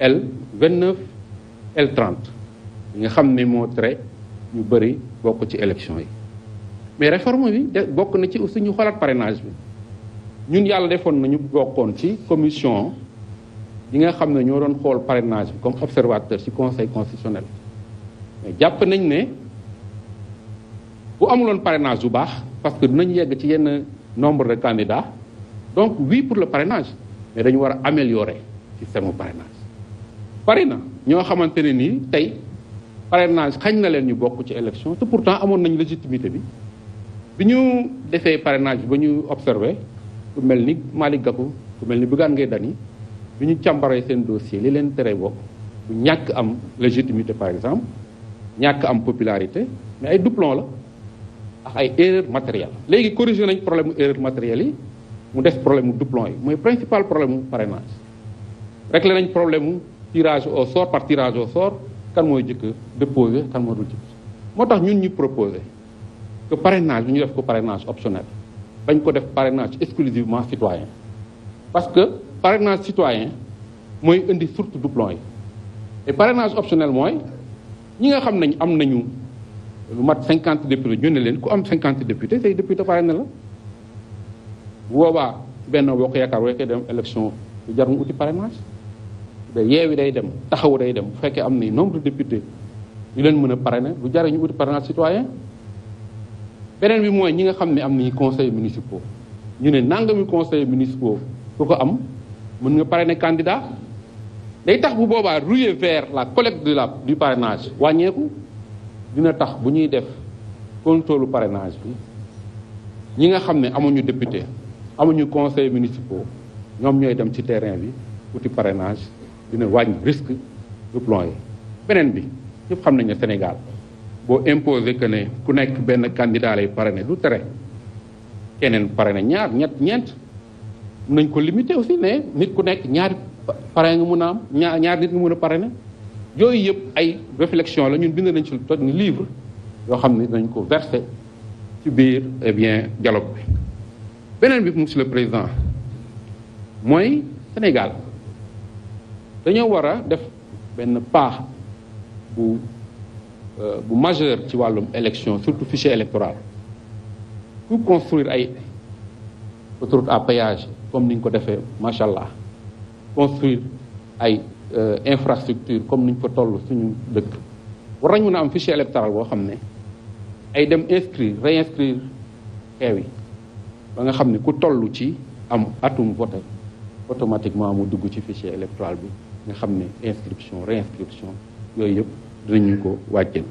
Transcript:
L vingt neuf L trente nga xam ne moo tere ñu bëri bokk ci élection yi mais réforme bi bokk na ci aussi ñu xoolaat parrainage bi ñun yàlla defoon nañu bokkoon ci commission yi nga xam ne ñoo doon xool parenage bi comme observateur ci conseil constitutionnel mais jàpp nañ ne bu amuloon parrainage bu baax parce que dinañ yegg ci yenn nombre de candidats donc oui pour le parrainage mais dañu war a améliorer système mu parrainage bari na ñoo xamante ne nii tey parrainage xañ na leen ñu bokk ci élection te pourtant amoon nañu légitimité bi bi ñu defee parrainage ba ñu observé ku mel ni Malick Gakou ku mel ni Bougane Gueye Dany bi ñu càmbaree seen dossier li leen tere bokk bu ñàkk am légitimité par exemple ñàkk am popularité mais ay doublon la ak ay erreur matérielle léegi corrigé nañ problème mu erreur yi mu def problème mu doublon yi mooy principal problème mu parrainage réglé nañ problème tirage au sort par tirage au sort kan mooy jëkk déposé kan moo dul jëkk moo tax ñun ñu proposé que parrainage bi ñu def ko parenage optionnel bañ ko def parrainage exclusivement citoyen parce que parrainage citoyen mooy indi surtout doublon yi et parrainage optionnel mooy ñi nga xam nañ am nañu lu mat cinquante députés ñu ne leen ku am cinquante députés say député parrainé la boobaa benn boo ko yaakaar wooy koy dem élection jarul uti parrainage da yeewi day dem taxawu day dem bu fekkee am na nombre de députés ñu leen mën a pare parrainer lu jar ñu uti parrainage citoyen beneen bi mooy ñi nga xam ne am nañu conseils municipaux ñu ne nangami conseils municipaux ku ko am mën nga parrainer candidat day tax bu boobaa ruer vers la collecte de la du wàññeeku dina tax bu ñuy def contrôle parrainage bi ñi nga xam ne amuñu député amuñu conseils municipaux ñoom ñooy dem ci terrain bi uti parrainage dina wàññi risque replon yi beneen bi ñëpp xam nañ ne Sénégal boo imposé que ne ku nekk benn candidat lay parrainé du tere keneen parrainé ñaar ñett ñeent mun nañ ko limité aussi ne nit ku nekk ñaari parrain nga mun a am ñaar ñaar nit nga mun a pare parrainé yooyu yëpp ay réflexion la ñun bind nañ ci lu toj ni livre yoo xam ne nañ ko versé ci biir eh bien dialogue bi beneen bi monsieur le président mooy Sénégal dañoo war a def benn pas bu euh, bu majeur ci wàllum élection surtout fichier électoral pour construire ay autoroute à péage comme niñ ko defee macha allah construire ay euh, infrastructure comme niñ ko toll suñu dëkk war nañ mën a am fichier électoral boo xam ne ay dem inscrire réinscrire xeew yi ba nga xam ni ku toll ci am atum voté automatiquement mu dugg ci fichier électoral bi nga xam ne inscription réinscription yooyu yëpp dinañu ko wàcceel